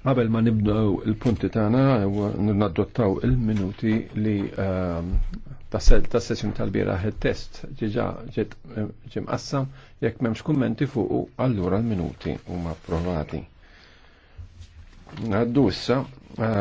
Qabel ma nibdew il-punti tagħna naddottaw il-minuti li ehm, tasel ta' sessjoni tal-bieraħ il-test ġiġa ġiet eh, ġimqassam jekk m'hemmx kummenti fuq allura l-minuti huma approvati. Naddu issa eh,